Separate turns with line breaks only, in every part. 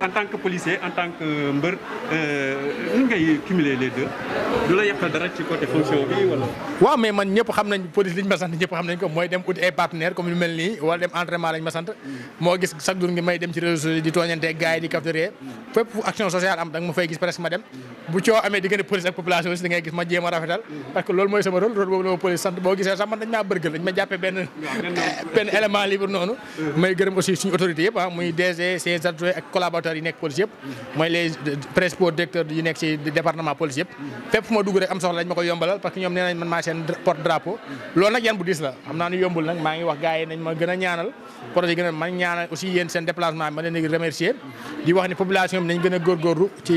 en tant que policier en tant que mbër euh, nu ngay les deux du la yàqal dara ci côté fonction bi wala. waaw moo gis chaque jour ngi may dem ci réseaux sociaux di tooñante gars yi di cafetéria loolu mooy sama rôle rôle boobu la ma police sant boo gisee sax man dañ maa bërgël dañ ma jàppee benn. élément libre noonu. may gërëm aussi suñu autorité yëpp ah muy DG ses adjoints ak collaborateurs yi nekk police yëpp. mooy les principaux directeurs yi nekk ci département police yëpp ma dugg rek am soxla dañ ma koy yombalal parce que ñoom nee man maa seen porte drapeau loolu nag yan bu diis la xam yombul nag maa ngi wax gars nañ ma gën a ñaanal projet gën a man ñaanal aussi yéen seen déplacement ma leen di remercier di wax ni population bi nañ gën a góorgóorlu ci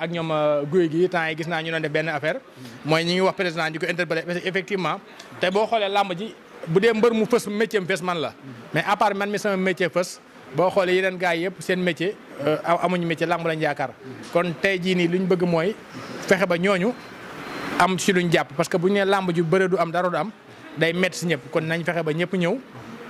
ak ñoom euh, guy gi temps yi gis naa ñu doon def benn affaire mooy ñi ngi wax président di ko interpellé parce que effectivement te boo xoolee làmb ji bu dee mbër mu fës métier am fës man la mais à part man mi sama métier fës boo xoolee yeneen gars yi yëpp seen métier euh, amuñu métier làmb lañ yaakaar kon tey jii nii luñ bëgg mooy fexe ba ñooñu am si luñ jàpp parce que bu ñu nee làmb ju bëre du am dara du am day métti si ñëpp kon nañ fexe ba ñëpp ñëw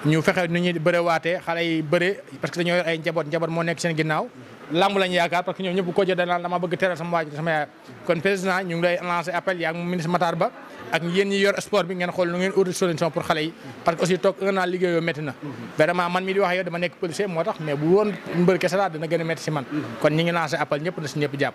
ñu fexe nu ñuy bëre waatee xale yi bëre parce que dañoo ay njaboot njaboot moo nekk seen ginnaaw lamb lañ yaakaar parce que ñoom ñëpp ko jël danaan dama bëgg teral sama waajur sama yaay kon président ñu ngi lay lancé appel yaa ngi ministre Matar Ba ak yéen ñi yor sport bi ngeen xool nu ngeen uti solution pour xale yi parce que aussi toog un an liggéeyoo métti na vraiment man mi di wax yow dama nekk policier moo tax mais bu woon mbër kese laa dina gën a métti si man kon ñi ngi lancé appel ñëpp na si ñëpp
jàpp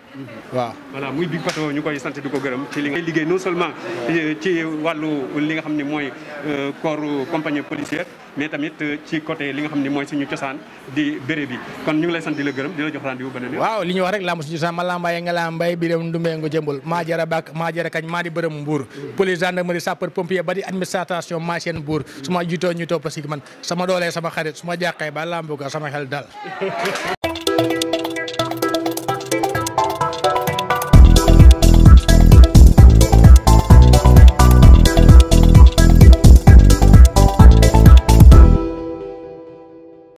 waaw voilà muy Big Pato ñu koy sant di ko gërëm ci li nga liggéey non seulement euh, ci wàllu li nga xam ne mooy euh, corps compagnie policière mais tamit euh, ci côté li nga xam ne mooy suñu cosaan di béré bi kon ñu ngi lay sant di la gërëm di la jox waaw li ñu wax rek lamb
suñu san ma lambaye nga lambay biram ndumbee nga jëmbul maa jara bak maa jara kañ maa di bërëm mbuur police gendarmerie sapeur pompier ba di administration maa seen su ma jiitoo ñu topp parce que man sama doolee sama xarit su ma jàqee ba lambuga sama xel dal